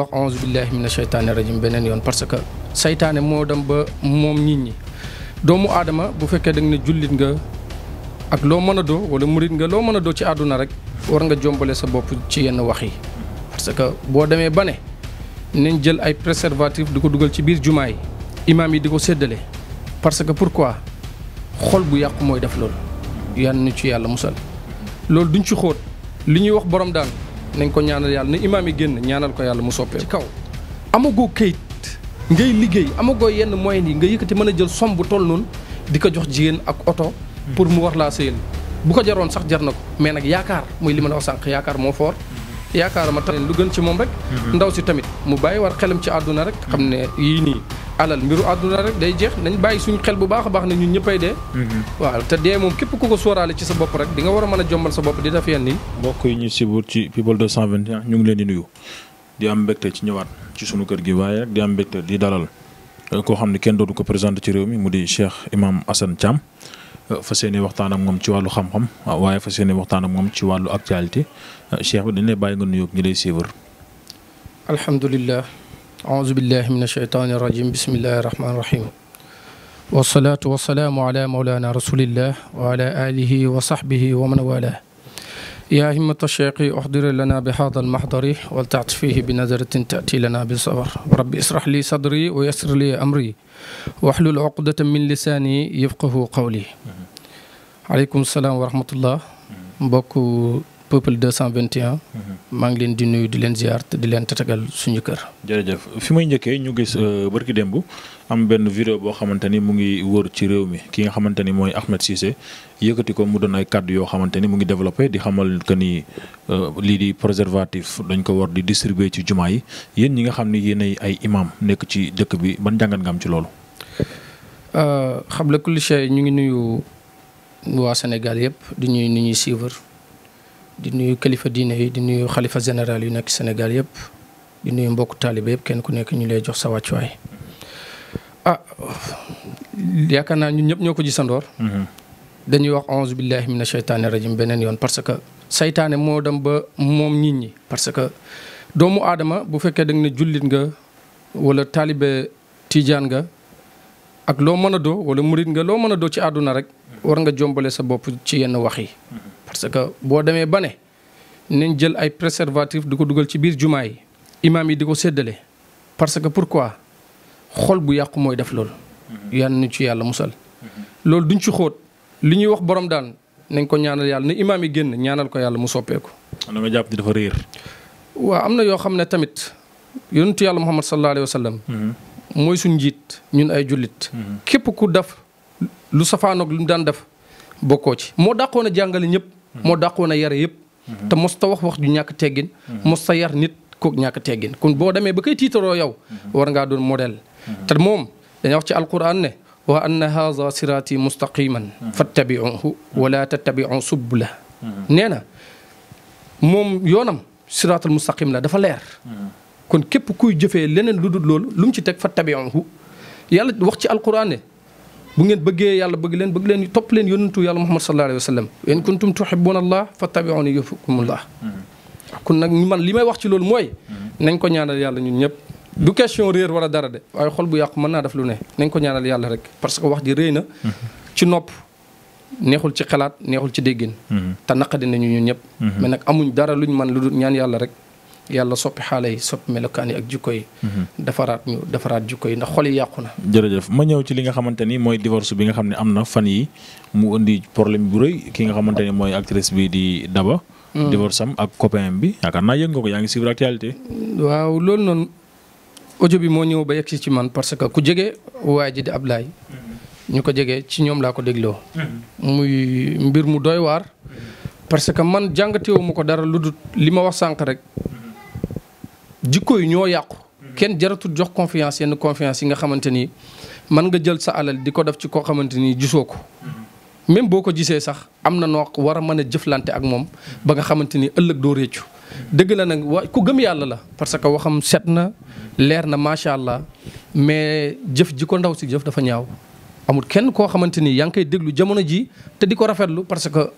wax auzu billahi mina sheytaani rajim beneen yoon parce que saytaane moo dem ba moom nit ñi doomu aadama bu fekkee da ne jullit nga ak loo mën a doo wala murit nga loo mën a doo ci àdduna rek war nga jombale sa bopp ci yenn wax yi parce que boo demee ba ne nañ jël ay préservatif di ko dugal ci biir jumaa yi imaam yi di ko séddale parce que pour pourquoi xool bu yàqu mooy def loolu yan nu ci yàlla musal loolu duñ ci xóot li ñuy wax borom daan nañ ko ñaanal yàlla na imaam yi génn ñaanal ko yàlla mu soppee ci kaw amagoo kayit ngay liggéey amagoo yenn moyens yi nga yëkkati mën a jël somme bu toll noonu di ko jox jigéen ak oto pour mu war laa sëyal bu ko jaroon sax jar na ko mais nag yaakaar mooy li ma la wax sànq yaakaar moo foor yaakaarama tax lu gën ci moom rek mhm. ndaw si tamit mu bàyyi war xelam ci àdduna rek xam ne yii nii alal mbiru àdduna rek day jeex nañ bàyyi suñu xel bu baax a baax ne ñun dee mhm. waaw te dee moom képp ku ko sooraale ci sa bopp rek di nga war a mën a jombal sa bopp di def yenn yi yi ñu sibur ci people 221 ñu ngi leen di nuyu di ci ñëwaat ci sunu kër gi waaye di am mbégte di dalal euh, koo xam ne kenn dootu ko présenté ci réew mi mu di Cheikh Imam Assane Thiam euh, fas yéene waxtaan ak moom ci wàllu xam-xam waaye fas yéene waxtaan ak moom ci wàllu actualité euh, Cheikh bi dañ lay bàyyi nga nuyoog ñi lay suivre alhamdulillah aousubillah min asheytaani irrajim bismillahi irrahmani irrahim wasalaatu wasalaamu ala maulana rasulillah wa ala alihi wa sahbihi wa man wala yaa himmata cheikhi uxdiri lana bi haada almahdari waltaat fihi bi nazaratin taati lana bi sawar rabbi israh li sadri wa yassir li amri waxlul uqdatan min lisaani yafqahu qawli aleykum salaam wa rahmatullah mbokk People 221. Mhm. maa ngi leen di nuyu di leen ziar te di leen tatagal suñu kër. jërëjëf fi may njëkkee ñu gis euh, barki démb am benn vidéo boo xamante ni mu ngi wër ci réew mi ki nga xamante ni mooy Ahmed Cissé yëkkati ko mu doon ay kàddu yoo xamante ni mu ngi développé di xamal que ni euh, lii di préservatif dañ ko war di distribuer ci jumaa yi yéen ñi nga xam ni yéen ay imam nekk ci dëkk bi ban jàngat nga am ci loolu. Euh, xam la kulli ñu ngi nuyu waa Sénégal yëpp di ñuy nu di nuyu kilifa diine yi di nuyu xalifa général yu nekk Sénégal yëpp di nuyu mbokk taalibe yëpp kenn ku nekk ñu lay jox sa wàccuwaay ah yaakaar naa ñun ñëpp ñoo ko gisandoor mm-hmm. dañuy wax onze billahi mina sheytaani rajim beneen yoon parce que seytaane moo dem ba moom nit ñi parce que doomu aadama bu fekkee da ne jullit nga wala taalibe tiijaan nga ak loo mën a doo wala murit nga loo mën a doo ci àdduna rek war nga jombale sa bopp ci yenn wax yi mm-hmm. parce que boo demee ba ne nañ jël ay préservatif du ko dugal ci biir jumaa yi imaam yi di ko séddale parce que pour quoi xol bu yàqu mooy def loolu. Mhm. yal nañu ci yàlla musal. loolu duñ ci xóot li ñuy wax borom daan nañ ko ñaanal yàlla ne imaam yi génn ñaanal ko yàlla mu soppeeku. da jàpp dafa réer. waaw am na yoo xam ne tamit yonentu yàlla Muhammad sallallahu alayhi wa sallam. Mhm. mooy suñ njiit ñun ay jullit. Mhm. képp ku def lu safaanoog lu mu daan def bokkoo ci moo dàqoon a jàngale ñëpp. moo dàqoon a yare yëpp te mos ta wax wax ju ñàkk teggin mos ta yar nit kook ñàkk teggin kon boo demee ba koy tiitaroo yow war ngaa doon model te moom dañuy wax ci alquran ne wa anna haza siraati mustaqiman fattabiuhu wala tattabiu subula nee na moom yoonam siraatul mustaqim la dafa leer kon képp kuy jëfee leneen lu dul loolu lu mu ci teg fa fattabiuhu yàlla wax ci alquran ne bu ngeen bëggee yàlla bëgg leen bëgg leen topp leen yonentu yàlla muhammad sallallahu alayhi wa sallam in kuntum tuhibbuna allah fattabi'uni yuhbibkumullah mm-hmm. kon nag man li may wax ci loolu mooy mm-hmm. nañ ko ñaanal yàlla ñun ñëpp du question réer wala dara de waaye xol bu yàqu mën naa def lu ne nañ ko ñaanal yàlla rek parce que wax ji réy na mm-hmm. ci nopp neexul ci xalaat neexul ci déggin te naqadi ñu ñun ñëpp mais nag amuñ dara luñ man lu dul ñaan yàlla rek yàlla soppi xaale yi soppi melokaan yi ak jikko yi. Mhm. defaraat ñu defaraat jikko yi ndax xol yi yàqu na. ma ñëw ci li nga xamante ni mooy divorce bi nga xam ne am na fan yi mu indi problème bu rëy ki nga xamante ni mooy actrice bi di Daba. Mm. divorce am ak copain bi yaakaar naa yëg nga ko yaa ngi suivre actualité. waaw loolu noonu audio bi moo ñëw ba yegg ci man parce que ku jege waa ji di Ablaye. Mm-hmm. ñu ko jegee ci ñoom laa ko dégloo. Mm-hmm. muy mbir mu doy waar. Mm-hmm. parce que man jàngateewu ma ko li ma wax sànq rek. jikko yi ñoo yàqu. kenn jaratul jox confiance yenn confiance yi nga xamante ni mën nga jël sa alal di ko def ci koo xamante ni gisoo ko. même boo ko gisee sax am na noo war a mën a jëflante ak moom ba nga xamante ni ëllëg doo réccu dëgg na nag wa ku gëm yàlla la parce que waxam set na leer na macha allah mais jëf ji ko ndaw si jëf dafa ñaaw. amul kenn koo xamante ni yaa ngi koy déglu jamono ji te di ko rafetlu parce que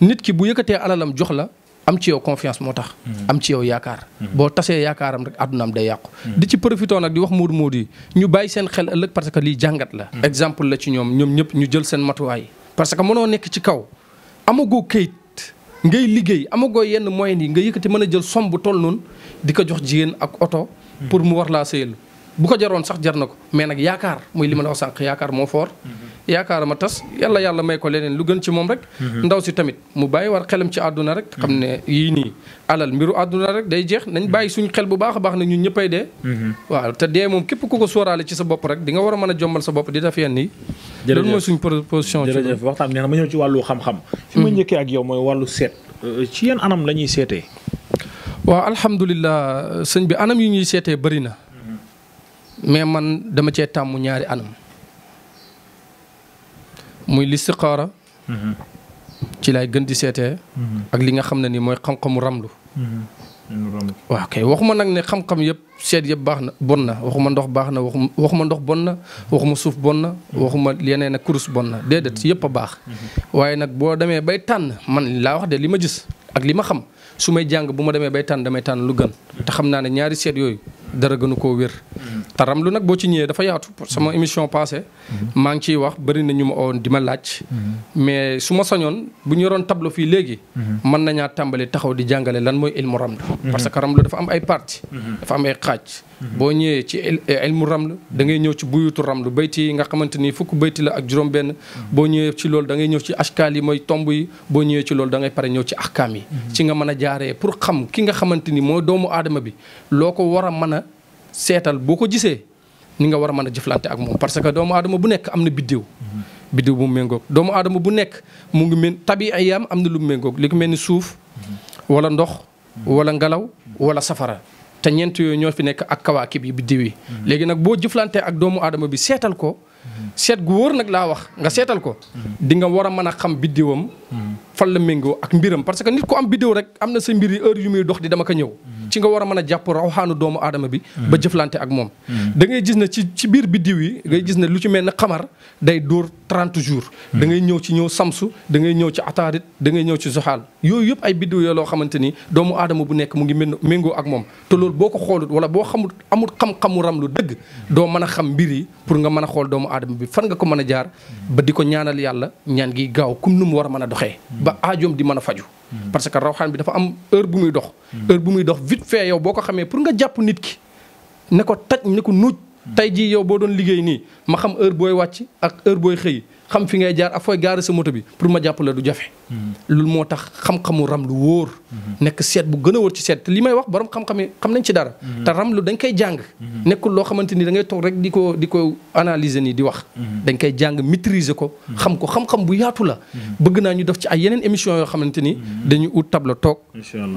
nit ki bu yëkkatee alalam jox la. am ci yow confiance moo tax. Hmm. am ci yow yaakaar. Hmm. boo tasee yaakaaram rek àddunaam day yàqu. Hmm. di ci profité nag di wax Modou Modou yi ñu bàyyi seen xel ëllëg parce que lii jàngat la. exemple la ci ñoom ñoom ñëpp ñu jël seen matuwaay. parce que mënoo nekk ci kaw amagoo kayit ngay liggéey amagoo yenn moyens yi nga yëkkati mën a jël somme bu toll noonu di ko jox jigéen ak oto. pour mu war laa sëyal bu ko jaroon sax jar na ko mais nag yaakaar muy li ma la wax sànq yaakaar moo foor yaakaar ma tas yàlla yàlla may ko leneen lu gën ci moom rek. Mhm. ndaw si tamit mu bàyyi war xelam ci àdduna rek. xam mhm. ne yii nii alal mbiru àdduna rek day jeex nañ mhm. bàyyi suñu xel bu baax a baax ne ñun ñëppay de waa te dee moom képp ku ko sooraale ci sa bopp rek di nga war a mën a jombal sa bopp di def yenn yi. jërëjëf loolu mooy suñu proposition. jërëjëf waxtaan neex na ma ñëw ci wàllu xam-xam. fi ma njëkkee ak yow mooy wàllu seet. Euh, ci yan anam la ñuy seetee. waaw alhamdulilah sëñ bi anam yu ñuy seetee bëri na mais man dama tàmm ñaari anam muy listixaara ci laay gën di seete ak li nga xam ne ni mooy xam-xamu ramlu waaw kay waxuma nag ne xam-xam yëpp seet yëpp baax na bon na waxuma ndox baax na waxuma waxuma ndox bon na waxuma suuf bon na waxuma yeneen ak kurus bon na dee déedéet yëpp a baax waaye nag boo demee bay tànn man laa wax de li ma gis ak li ma xam su may jàng bu ma demee bay tànn damay tànn lu gën te xam naa ne ñaari seet yooyu dara gënu koo wér. Mm-hmm. te ramlu nag boo ci ñëwee dafa yaatu mm-hmm. sama émission passée. Mm-hmm. maa ciy wax bëri na ma oon di ma laaj. mais su ma sañoon bu ñu yoroon tableau fii léegi. mën nañaa tàmbali taxaw di jàngale lan mooy ilmu ramlu. parce que ramlu dafa am ay parties. dafa am ay xaaj. Mhm. boo ñëwee ci ilmu eh, raml da ngay ñëw ci buyutu raml bayti yi nga xamante ni fukk bayti la ak juróom benn mhm. boo ñëwee ci loolu dangay ñëw ci ashkaal yi mooy tomb yi boo ñëwee ci loolu dangay ngay pare ñëw ci ahkaam yi mhm. ci nga mën a jaaree pour xam ki nga xamante ni mooy doomu aadama bi loo ko war a mën a seetal boo ko gisee ni nga war a mën a jëflante ak moom parce que doomu aadama bu nekk am na biddiw biddiw bu mu méngoog doomu aadama bu nekk mu ngi mel tabi ay yaam am na lu méngoog li mel ni suuf wala ndox wala ngelaw wala safara te ñeent yooyu ñoo fi nekk ak kawaakib yi biddiw yi mhm. léegi nag boo jëflantee ak doomu aadama bi seetal ko mhm. seet gu wóor nag laa wax nga seetal ko mhm. di nga war a mën a xam biddiwam fan la méngoo ak mbiram parce que nit ku am bidéo rek am na sa mbir yi heure yu muy dox di dama ko ñëw mm. ci nga war a mën a jàpp rawxaanu doomu aadama bi mm. ba jëflante ak moom mm. dangay ngay gis ne ci ci biir biddiw yi ngay gis ne lu ci mel ne xamar day dóor 30 jours da ngay ñëw ci ñëw samsu da ngay ñëw ci ataarit da ngay ñëw ci zoxaal yooyu yëpp ay biddiw yoo loo xamante ni doomu aadama bu nekk mu ngi mén méngoo ak moom te loolu boo ko xoolut wala boo xamul amul xam-xamu dëgg doo mën a xam mbir yi pour nga mën a xool doomu aadama bi fan nga ko mën a jaar ba di ko ñaanal yàlla ñaan gi gaaw comme nu mu war a mën a doxee ba aajoom di mën a faju parce que rawxaan bi dafa am heure bu muy dox heure bu muy dox vite fait yow boo ko xamee pour nga jàpp nit ki ne ko taj ne ko nuuj tey jii yow boo doon liggéey nii ma xam heure booy wàcc ak heure booy xëy xam fi ngay jaar ak fooy gaare sa moto bi pour ma jàpp la du jafe loolu moo tax xam-xamu ram lu wóor. nekk seet bu gën a wóor ci seet te li may wax borom xam-xam yi xam nañ ci dara. te ram lu dañ koy jàng. nekkul loo xamante ni da ngay toog rek di ko di ko analyser nii di wax. dañ koy jàng maîtriser ko. xam ko xam bu yaatu la. bëgg naa ñu def ci ay yeneen émission yoo xamante ni. dañu ut table toog.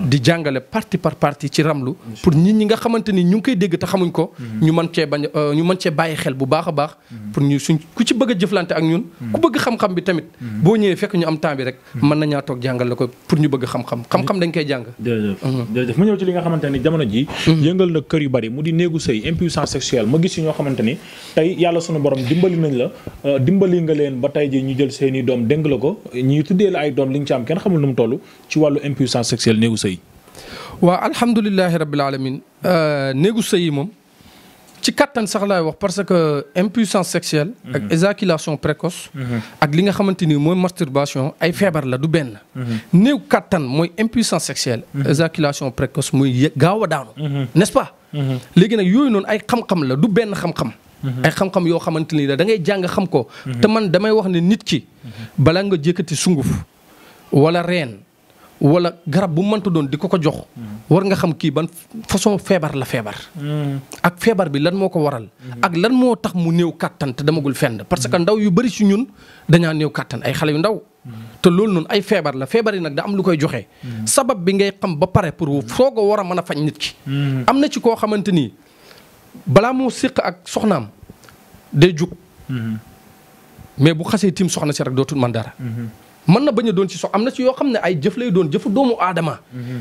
di jàngale parti par partie ci ramlu. pour nit ñi nga xamante ni ñu ngi koy dégg te xamuñ ko. ñu mën cee bañ euh, ñu mën cee bàyyi xel bu baax a baax. pour ñu suñ ku ci bëgg jëflante ak ñun. ku bëgg xam-xam bi tamit. boo ñëwee fekk ñu am temps bi rek mën nañaa toog jàngal la ko pour ñu bëgg xam-xam xam-xam dañ koy jàng jërëjëf mhm. ma ñëw ci li nga xamante ni jamono ji mhm. yëngal na kër yu bari mu di néegu sëy impuissance sexuelle ma gis ci ñoo xamante ni tey yàlla sunu borom dimbali nañ la euh, dimbali nga leen ba tey ji ñu jël seeni doom dénk la ko ñuy tuddee la ay doom li nga ci am kenn xamul nu mu toll ci wàllu impuissance sexuelle néegu sëy waaw alhamdulilahi rabbil alamin euh, néegu sëy moom ci kattan sax laay wax parce que impuissance sexuelle. ak mhm. éjaculation précoce. Mhm. ak li nga xamante ni mooy masturbation ay feebar la du benn. Mhm. néew kattan mooy impuissance sexuelle. éjaculation précoce muy gaaw a daanu. n'est-ce pas. léegi nag yooyu noonu ay xam-xam la du benn xam-xam. ay xam-xam yoo xamante ni la da ngay jàng xam ko. te man damay wax ne nit ki. balaa nga jékkati sunguf wala reen. wala garab bu mënta doon di ko ko jox. war nga xam kii ban façon feebar la feebar. Mm. ak feebar bi lan moo ko waral. Mm-hmm. ak lan moo tax mu néew kàttan te demagul fenn parce que mm-hmm. ndaw yu bëri si ñun dañaa néew kàttan ay xale yu ndaw. Mm-hmm. te loolu noon ay feebar la feebari nag da am lu koy joxe. sabab bi ngay xam ba pare pour foo ko war a mën a faj nit ki. am na ci koo xamante ni balaa moo séq ak soxnaam day jug. mais bu xasee tiim soxna si rek dootul man dara. mën na bañ a doon ci sox am na ci yoo xam ne ay jëf lay doon jëfu doomu aadama mm-hmm.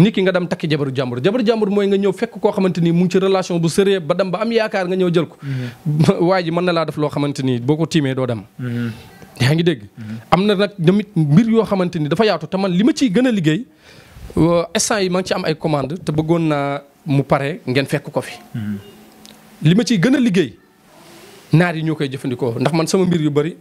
nit ki nga dem takki jabaru jàmbur jabaru jàmbur mooy nga ñëw fekk koo xamante ni mu ngi ci relation bu sëree ba dem ba am yaakaar nga ñëw jël ko mm-hmm. waa ji mën na laa def loo xamante ni boo ko tiimee doo dem mm-hmm. yaa ngi dégg am na nag tamit mbir yoo xamante ni dafa yaatu te man li ma ciy gën a liggéey instant yi ma ngi ci am ay commande te bëggoon naa mu pare ngeen fekk ko fi li ma ciy gën a liggéey naar yi ñoo koy jëfandikoo ndax man sama mbir yu bari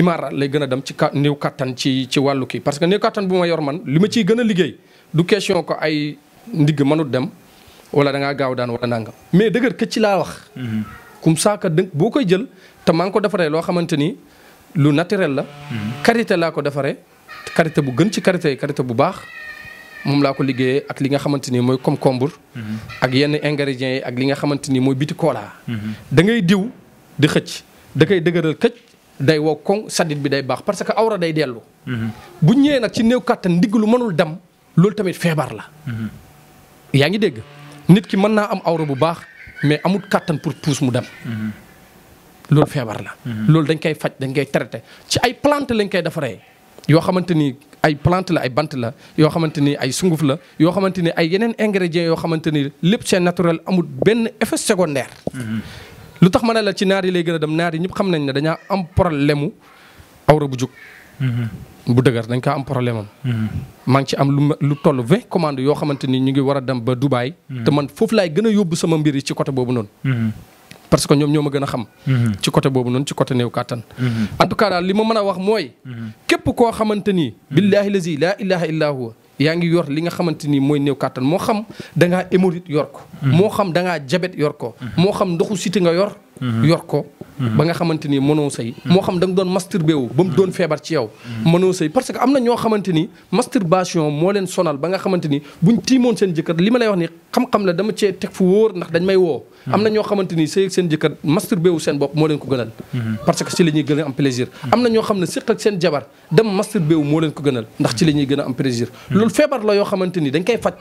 imaara lay gën a dem ci ka néew kattan ci ci wàllu kii parce que néew kattan bu ma yor man li ma ciy gën liggéey du question ko ay ndigg mënut dem wala da ngaa gaaw daan a nangam mais dëgër këcc laa wax. comme ça que boo koy jël te maa ngi ko defaree loo xamante ni lu naturel la. karité mhm. laa ko defaree karité bu gën ci karité yi karité bu baax. moom laa ko liggéeyee ak li nga xamante ni mooy concombre mhm. ak yenn ingrédients yi ak li nga xamante ni mooy biti koolaa mhm. day wow koŋ saddit bi day baax parce que awra day dellu. Mhm. bu ñëwee nag ci new kàttan ndigg lu mënul dem loolu tamit feebar la. Mhm. yaa ngi dégg nit ki mën naa am awra bu baax mais amut kàttan pour puus mu dem. Mhm. loolu feebar la. loolu dañ koy faj dañ koy traité ci ay plante lañ koy defaree yoo xamante ni ay plante la ay bant la yoo xamante ni ay sunguf la yoo xamante ni ay yeneen ingrédients yoo xamante ni lépp c'est naturel amul benn effet secondaire. lu tax ma ne la ci naar yi lay gën a dem naar yi ñëpp xam nañ ne dañaa am problème awra bu jug. Mm-hmm. bu dëgër dañ kaa am problème am. Mm-hmm. maa ngi ci am lu lu toll vingt commandes yoo xamante ni ñu ngi war a dem ba Dubaay. Mm-hmm. te man foofu laay gën a yóbbu sama mbir yi ci côté boobu noonu. parce que ñoom ñoo ma gën a xam. ci côté boobu noonu ci côté néew kàttan. en tout cas daal li ma man a wax mooy. képp koo xamante ni. billaahi lazi laa ilaaha illaa huwa yaa ngi yor li nga xamante ni mooy néew kàttan moo xam da ngaa yor ko. Mm-hmm. moo xam da ngaa jabet yor ko. Mm-hmm. moo xam ndoxu siti nga yor. Mm-hmm. yor ko. ba nga xamante ni mënoo sëy moo xam da nga doon masturbé wu ba mu doon feebar ci yow. mënoo sëy parce que am na ñoo xamante ni masturbation moo leen sonal ba nga xamante ni buñ tiimoon seen jëkkër li ma lay wax ni xam-xam la dama cee teg fu wóor ndax dañ may woo am na ñoo xamante ni sëy seen jëkkër masturbé wu seen bopp moo leen ko gënal parce que ci la ñuy gën a am plaisir ñoo xam ne sëq ak seen jabar dem masturbé moo leen ko gënal ndax ci la ñuy gën a am plaisir loolu feebar la yoo xamante ni dañ koy faj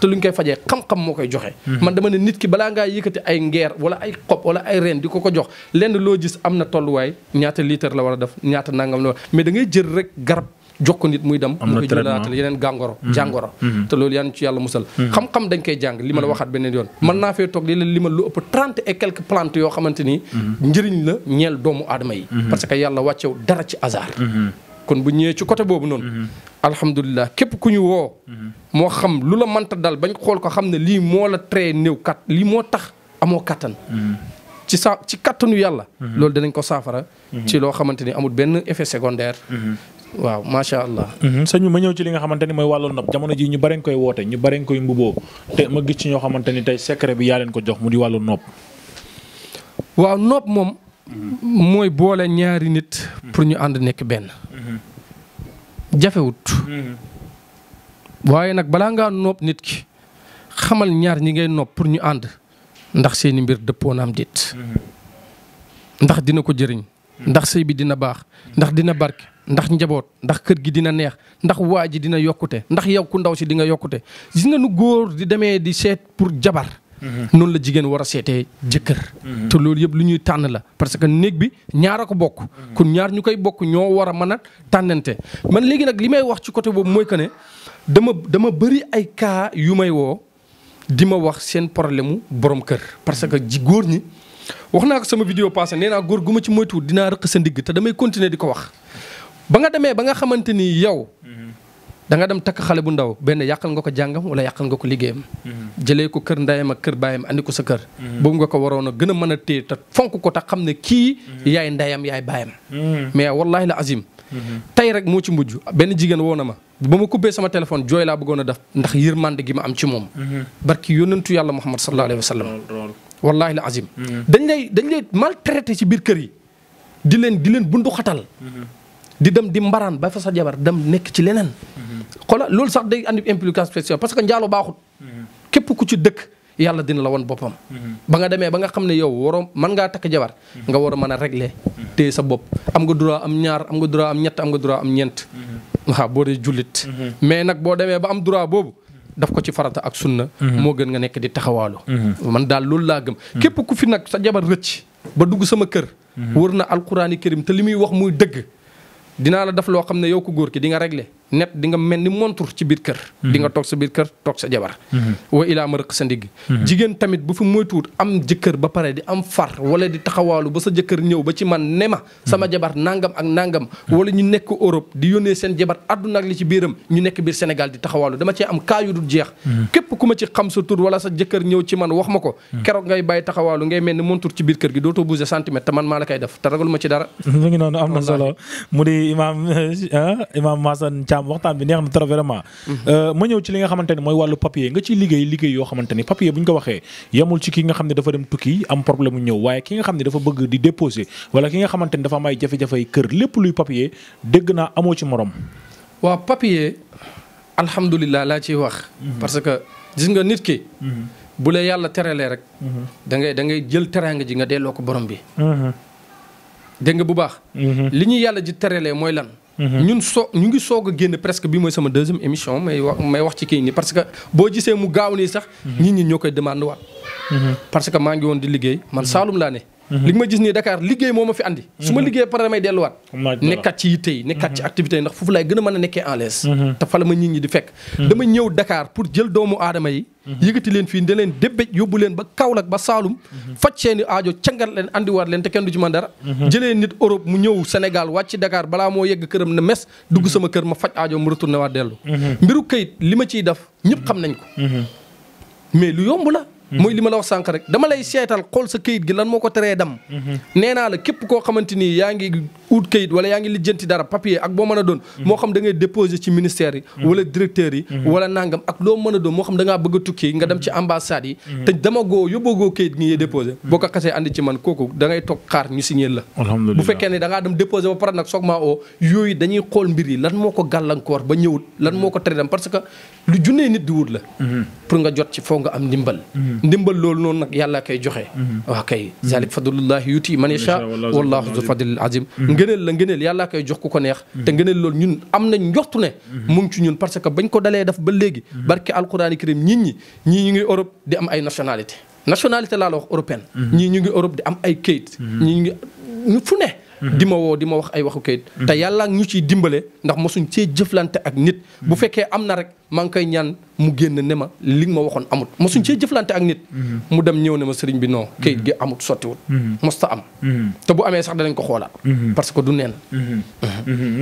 te luñ koy fajee xam-xam moo koy joxe man dama ne nit ki balaa ngaa yëkkati ay ngeer wala ay xob wala ay reen di ko ko jox lenn loo gis am na tolluwaay ñaata litre la war a def ñaata nangam la war mais da ngay jël rek garab jox ko nit muy dem mu koy jëlaatal yeneen gàngoro mhm. jàngoro mhm. te loolu yaan ci yàlla musal mhm. xam-xam dañ koy jàng li ma la waxaat beneen yoon mën naa fee toog di la limal lu ëpp trente et quelques plantes yoo xamante ni njëriñ la ñeel doomu aadama yi parce que yàlla wàccew dara ci hasard kon bu ñëwee ci côté boobu noonu alhamdulilah képp ku ñu woo moo xam lu la mënta dal bañ xool ko xam ne lii moo la tree néew kat lii moo tax amoo kattan ci saa ci kattanu yàlla loolu danañ ko saafara loo xamante ni amul benn effet secondaire waaw macha allah. Mhm, sëñ ma ñëw ci li nga xamante ni mooy wàllu nopp jamono ji ñu bari koy woote ñu bari koy mbuboo te ma gis ci ñoo xamante ni tey secret bi yaa leen ko jox mu di wàllu nopp. waaw nopp moom. mooy boole ñaari nit. pour ñu ànd nekk benn. Mhm. jafewut. Mhm. waaye nag balaa ngaa nopp nit ki xamal ñaar ñi ngay nopp pour ñu ànd ndax seeni mbir dëppoo na am déet. ndax dina ko jëriñ. ndax sëy bi dina baax ndax dina barke. ndax njaboot ndax kër gi dina neex ndax waa ji dina yokkute ndax yow ku ndaw si di nga yokkute gis nga nu góor di demee di seet pour jabar. Mhm. noonu la jigéen war a seetee jëkkër. Mhm. te loolu yëpp lu ñuy tànn la parce que néeg bi ñaar a ko bokk. Mhm. kon ñaar ñu koy bokk ñoo war a man a tànnante man léegi nag li may wax ci côté boobu mooy que ne dama dama bëri ay cas yu may woo di ma wax seen problème mu borom kër parce que ji góor ñi wax naa ko sama vidéo passé nee naa góor gu ma ci moytuwul dinaa rëq sa ndigg te damay continuer di ko wax. ba nga demee ba nga xamante ni yow. Mhm. da nga dem takk xale bu ndaw benn yàqal nga ko jàngam wala yàqal nga ko liggéeyam. Mhm. jëlee ko kër ndeyam ak kër baayam andi ko sa kër. Mhm. boobu nga ko waroon a gën a mën a téye te fonk ko te xam ne kii. yaay ndeyam yaay baayam. mais wallahi la azim. tey rek moo ci mujj benn jigéen woo na ma ba ma kubbee sama téléphone jooy laa bëggoon a def ndax yërmande gi ma am ci moom. barki yónnentu yàlla Muhammad sallallahu alayhi wa sallam. wallahi la azim. dañ lay dañ lay maltraité ci biir kër yi di leen di leen bundu xatal di dem di mbaraan ba fa sa jabar dem nekk ci leneen. xoolal loolu sax day andi implication parce que njaalo baaxut. képp ku ci dëkk yàlla dina la won boppam. ba nga demee ba nga xam ne yow waroo mën ngaa takk jabar. nga war a mën a regle te sa bopp am nga droit am ñaar am nga droit am ñett am nga am ñeent. waaw boo dee jullit. mais nag boo demee ba am droit boobu. daf ko ci farata ak sunna. moo gën nga nekk di taxawaalu. man daal loolu laa gëm. képp ku fi nag sa jabar rëcc. ba dugg sama kër. wër na alquraani karim te li muy wax muy dëgg. dinaa la def loo xam ne yow ku góor ki dinga nga net di nga mel ni montre ci biir kër. Mhm. di nga toog sa biir kër toog sa jabar. Mhm. wa ilaa ma rëq sa ndigg. Mhm. jigéen tamit bu fi moytuwut am jëkkër ba pare di am far wala di taxawaalu ba sa jëkkër ñëw ba ci man ne ma. sama jabar nangam ak nangam. wala ñu nekk Europe di yónnee seen jabar àdduna ak li ci biiram ñu nekk biir Sénégal di taxawaalu dama cee am kaa yu dul jeex. képp ku ma ci xam sa tur wala sa jëkkër ñëw ci man wax ma ko. keroog ngay bàyyi taxawaalu ngay mel ni montre ci biir kër gi dootoo bouger centimètre te man maa la koy def Thiam waxtaan mhm. euh, xam ne dafa dem tukki am problème mu ñëw waaye ki nga xam ne dafa bëgg di déposer wala ki nga xamante ni dafa am ay jafe-jafe kër lépp luy papier dégg naa amoo ci morom. waaw papier alhamdulilah laa ci wax. Mhm. parce que gis nga nit ki. Mhm. bu la yàlla terelee rek. dangay ngay da ngay jël teraanga ji nga delloo ko borom bi. dégg nga bu baax. li ñuy yàlla ji terelee mooy lan. Mm-hmm. ñun so ñu ngi soog a génn presque bi mooy sama deuxième émission may wax may wax ci kii nii parce que boo gisee mu gaaw nii sax. Mm-hmm. nit ñi ñoo koy demande waat. Mm-hmm. parce que maa ngi woon di liggéey man Saalum laa ne. li ma gis nii dakaar liggéey moo ma fi andi. su ma mhm. liggéey pare damay delluwaat. nekkat ci yitte yi nekkat ci mhm. activité yi ndax foofu laay gën a mën a nekkee en l'aise. Mhm. te fa ma nit ñi di fekk. dama ñëw Dakar pour jël doomu aadama yi. yëkkati leen fii nde leen débbéj yóbbu leen ba Kaolack ba Saalum. faj seeni aajo cangal leen andiwaat leen te kenn du ci man dara. jëlee nit Europe mu ñëw Sénégal wàcc dakaar balaa moo yegg këram ne mes dugg sama kër ma faj aajo mu retourné dellu. mbiru kayit li ma ciy def ñëpp xam nañ mais yomb la mooy li ma la wax sànq rek dama lay seetal xool sa kayit gi lan moo ko teree dam mhm. nee naa la képp koo xamante ni yaa ngi ut kayit wala yaa ngi lijjanti dara papier ak boo mën a doon moo xam da ngay déposer ci ministère yi mm-hmm. wala directeur yi mm-hmm. wala nangam ak loo mën a doon moo xam da ngaa bëgg a tukki nga dem ci mm-hmm. ambassade yi te dama goo yóbboogoo kayit gi ngay déposer ko xasee la bu ba pare nag soog maa oo yooyu dañuy xool mbir yi lan moo ko gàllankoor ba ñëwut lan moo ko tere dem parce que lu junnee nit di wut la pour nga jot ci foo nga am ndimbal ndimbal loolu noonu nag yàlla koy joxe waa kay zalik fadlullahi yuti ngëneel la ngëneel yàllaa koy jox ku ko neex te ngëneel loolu ñun am na njortu ne mu ngi ci ñun parce que bañ ko dalee def ba léegi barke alquraan karim ñit ñi ñii ñu ngi Europe di am ay nationalité nationalité laa la wax européenne ñii ñu ngi Europe di am ay kayit ñii ñu ngi fu ne di ma woo di ma wax ay waxu kayit te yàlla ñu ciy dimbale ndax mosuñ cee jëflante ak nit bu fekkee am na rek maa ngi koy ñaan mu génn ne ma li nga ma waxoon amut mosuñ cee jëflante ak nit. Mhm. mu dem ñëw ne ma sëriñ bi non mhm. kayit gi amut sottiwut. Mhm. mosta am. te bu amee sax danañ ko xoolaat. parce que du neen.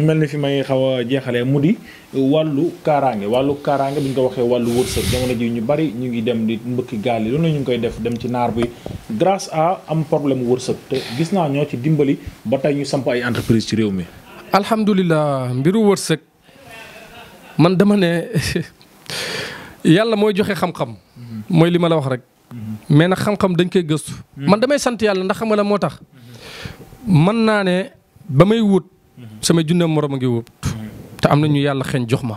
mel ni fi may xaw a jeexalee mu di wàllu kaaraange wàllu kaaraange bi ñu ko waxee wàllu wërsëg jamono ji ñu bari ñu ngi dem di mbëkki gaal yi loolu ñu ngi koy def dem ci naar bi grâce à am problème wërsëg te gis naa ñoo ci dimbali ba tey ñu samp ay entreprise ci réew mi. alhamdulilah mbiru wërsëg. man dama ne yàlla mooy joxe xam-xam. mooy li ma la wax rek. mais na xam-xam dañ koy gëstu. man damay sant yàlla ndax xam nga la moo tax. man naa ne ba may wut. samay junne morom a ngi wut. te am na ñu yàlla xeeñ jox ma.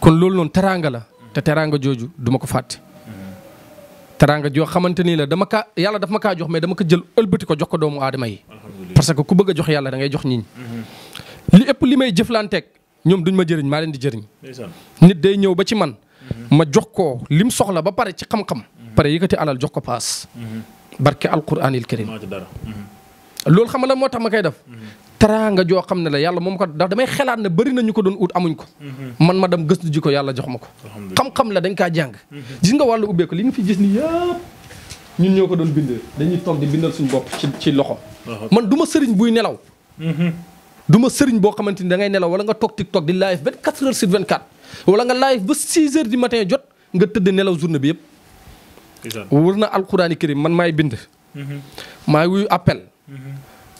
kon loolu noonu teraanga la. te teraanga jooju duma ko fàtte. teraanga joo xamante nii la dama kaa yàlla daf ma kaa jox mais dama ko jël ëlbati ko jox ko doomu aadama yi. parce que ku bëgg a jox yàlla da ngay jox nit li ëpp li may jëflanteeg ñoom duñ ma jëriñ maa leen di jëriñ. nit day ñëw ba ci man. Mhm. ma jox ko lim soxla ba pare ci xam-xam. Mhm. pare yëkkati alal jox ko paas. Mhm. barke alquranil karim loolu xam la moo tax ma koy def. teraanga joo xam ne la yàlla moom ko ndax damay xelaat ne bari nañu ko doon ut amuñ ko. man ma dem gëstu ji ko yàlla jox ma ko. xam-xam la dañ kaa jàng. gis nga wàllu ubbeeku li nga fi gis ni yëpp ñun ñëw ko doon bind dañuy toog di bindal suñu bopp ci loxo. man du ma sëriñ buy nelaw. du ma sëriñ boo xamante ni da ngay nelaw wala nga toog TikTok di live 24 heures sur 24 wala nga live ba 6 heures du matin jot nga tëdd nelaw journée bi yëpp. wër na alxuraani karim man maay bind. Mhm. maay wuyu appel. Mhm.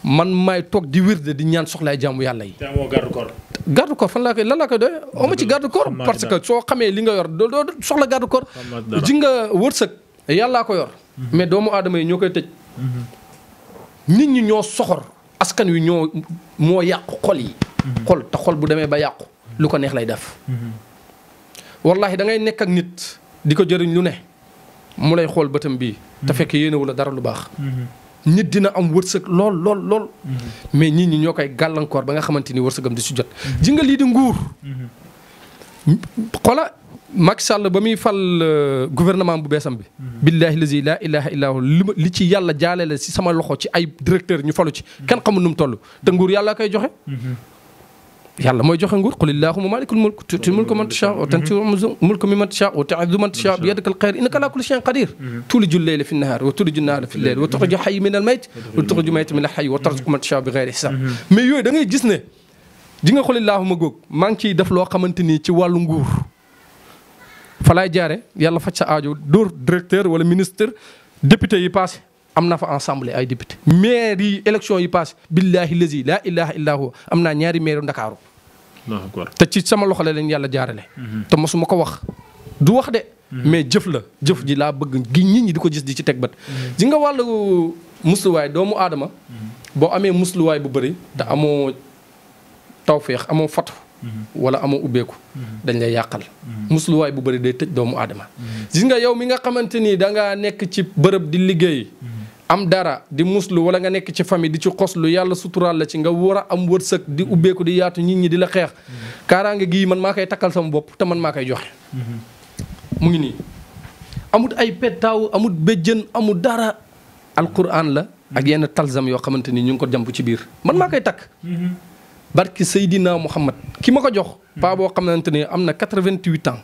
man maay toog di wirde di ñaan soxlaay jaamu yàlla yi. te amoo garde corps. garde corps fan laa koy lan laa koy doy. amu ci garde corps parce que soo xamee li nga yor doo doo soxla garde corps. ji nga wërsëg yàllaa ko yor. Mhm. mais doomu aadama yi ñoo koy tëj. nit ñi ñoo soxor. askan wi ñoo moo yàqu xol yi. Mhm. xol te xol bu demee ba yàqu lu ko neex lay def. Mhm. wallahi da ngay nekk ak nit di ko jëriñ lu ne mu lay xool bëtam bii. Mhm. te fekk yéenewu la dara lu baax. nit dina am wërsëg lool lool lool. mais nit ñi ñoo koy gàllankoor ba nga xamante ni wërsëgam di si jot. lii di nguur. xola Macky Sall ba muy fal euh, gouvernement bu beesam bi. Mm-hmm. billahi lazi laa ilaha illa hu li ci yàlla jaale la si sama loxo ci ay directeur ñu falu ci. Mm-hmm. kenn xamul nu mu toll te nguur yàlla koy joxe. Mm-hmm. yàlla mooy joxe nguur qul illahumma maalikul mulk tuutil mulka man tashaa wa tanzi'ul mulka mimman tashaa wa tu'izzu man tashaa biyadika alxayr innaka alaa kulli shay'in qadiir tuuliju lleyla fi nnahaar wa tuuliju nnahaara fi lleyl wa tuxriju xayya mina almayt wa tuxriju mayta mina alxayy wa tarzuqu man tashaa bi xayri hisaab mais yooyu da ngay gis ne di nga qul illahumma góog maa ngi ciy def loo xamante ni ci wàllu nguur fa laay jaare yàlla faj sa aajo dóor directeur wala ministre député yi passé am naa fa assemblée ay député maire yi élection yi passé billahi lazi laa ilaha illa am naa ñaari maire ndakaaru te ci sama loxo la leen yàlla jaarale mhm. te mosuma ko wax du wax de mhm. mais jëf la jëf ji laa bëgg gi nit ñi di ko gis di ci teg bët mhm. ji nga wàllu musluwaay doomu aadama boo amee musluwaay bu bëri te amoo tawféex amoo fatu wala amoo ubbeeku dañ lay yàqal musluwaay bu bëri day tëj doomu aadama gis nga yow mi nga xamante ni da ngaa nekk ci bërëb di liggéey am dara di muslu wala nga nekk ci famille di ci xoslu yàlla suturaal la ci nga war a am wërsëg di ubbeeku di yaatu nit ñi di la xeex kaaraange gii man maa koy takkal sama bopp te man maa koy joxe mu ngi nii amut ay pettaaw amut béjjën amut dara alquran la ak yenn talzam yoo xamante ni ñu ngi ko jàmp ci biir man maa koy takk barki Seydina Muhammad ki ma ko jox. paa boo xamante ne am na 88 ans.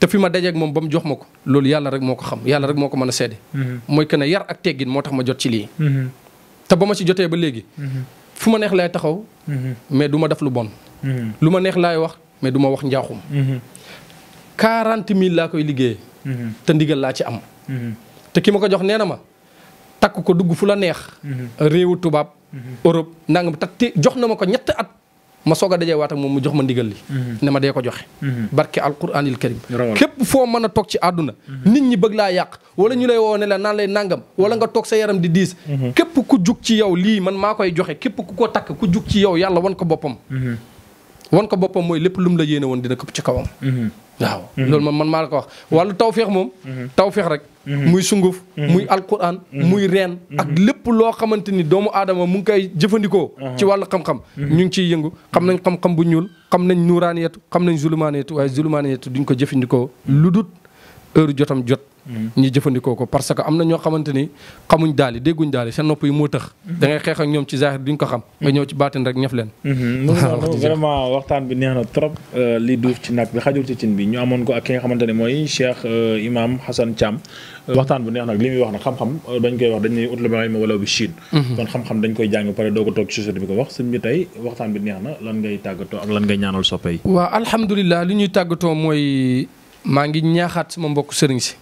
te fi ma dajeek moom ba mu jox ma ko loolu yàlla rek moo ko xam yàlla rek moo ko mën a seede. Mhm. mooy que ne yar ak teggin moo tax ma jot ci lii. Mhm. te ba ma ci jotee ba léegi. Mhm. fu ma neex laay taxaw. mais du ma def lu bon. lu ma neex laay wax mais du ma wax njaaxum. 40 mille laa koy liggéeyee. te ndigal laa ci am. te ki ma ko jox nee na ma. takk ko dugg fu la neex. Mhm. réew tubaab. Mhm. Europe nangam takk te jox na ma ko ñett at. ma soog a dajee waat moom mu jox ma ndigal li. Mhm. ne ma dee ko joxe. barke alquranil karim. képp foo mën a toog ci àdduna. nit ñi bëgg laa yàq wala ñu lay woo ne la naan lay nangam wala nga toog sa yaram di diis. képp ku jug ci yow lii man maa koy joxe képp ku ko takk ku jug ci yow yàlla wan ko boppam. wan ko boppam mooy lépp lu mu la yéene woon dina këpp ci kawam. Mhm. waaw mhm. loolu man man maa la ko wax mhm. wàllu tawféex moom. tawféex rek. muy sunguf. muy alquran muy reen. ak lépp loo xamante ni doomu aadama mu ngi koy jëfandikoo. Uh-huh. ci wàllu xam-xam. ñu ngi ciy yëngu xam nañ xam-xam bu ñuul xam nañ nuuraaniyatu xam nañ zulumaaniyatu waaye zulumaaniyatu duñ ko jëfandikoo lu dut heure jotam jot. Mm-hmm. ñu jëfandikoo ko parce que am na ñoo xamante ni xamuñ daali dégguñ daali seen nopp yi moo tëx mm-hmm. da ngay xeex ak ñoom ci zahir duñ ko xam nga mm-hmm. ñëw ci baatin rek ñaf leen waxtaan bi neex na trop euh, li ci nag bi xajul ci cin bi ñu amoon ko ak ki nga xamante ne mooy Cheikh euh, Imam Hassan Thiam euh, waxtaan bu neex nag li muy wax nag xam-xam dañ koy wax dañ ne utlub ilma bi chiin kon dañ koy jàng pare doo ko toog ci société bi ko wax sëñ bi tey waxtaan bi neex na lan ngay tàggatoo ak lan ngay ñaanal soppe yi waaw alhamdulilah li ñuy tàggatoo mooy maa ngi ñaaxaat sama mbokk sëriñ si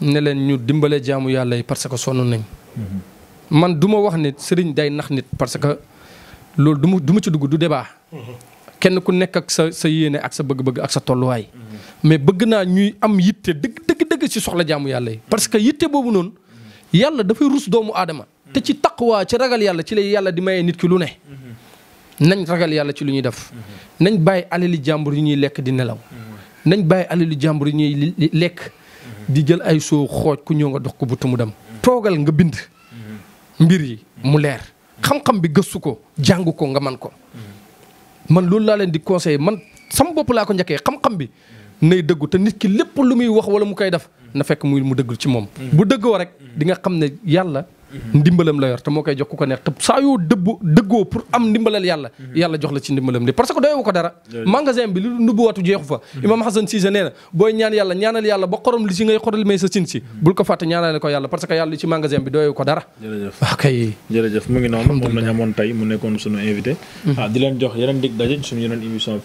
ne leen ñu dimbale jaamu yàlla yi parce que sonn nañ. man du ma wax nit sëriñ day nax nit parce que loolu du duma ci dugg du debaa kenn ku nekk ak sa sa yéene ak sa bëgg-bëgg ak sa tolluwaay. mais bëgg naa ñuy am yitte dëgg dëgg dëgg ci soxla jaamu yàlla yi. parce que yitte boobu noonu yàlla dafay rus doomu aadama. te ci waa ci ragal yàlla ci lay yàlla di maye nit ki lu ne. nañ ragal yàlla ci lu ñuy def. nañ bàyyi alali jàmbur yi ñuy lekk di nelaw. di jël ay soo xooj ku ñëw nga dox ko bu mu dem toogal nga bind mbir yi mu leer xam-xam bi gëstu ko jàng ko nga man ko man loolu laa leen di conseiller man sama bopp laa ko njëkkee xam-xam bi nay dëggu te nit ki lépp lu muy wax wala mu koy def na fekk muy mu dëgg ci moom bu dëggoo rek di xam ne yàlla ndimbalam la yor te moo koy jox ku ko neex te saa yoo dëbb dëggoo pour am ndimbalal yàlla mhm. yàlla jox la ci ndimbalam li parce que doyewu ko dara magasin bi lu nubbu watu jeexu fa mhm. imam Hassan Cissé nee booy ñaan yàlla ñaanal yàlla ba xorom li si ngay xoral may sa sin si mhm. bul ko fàtte ñaanale ko yàlla parce que yàlla ci magasin bi doyewu ko dara ah, mu ngi noonu moom lañ amoon mu nekkoon suñu invité ah, di leen jox yeneen dig daje suñu yeneen émission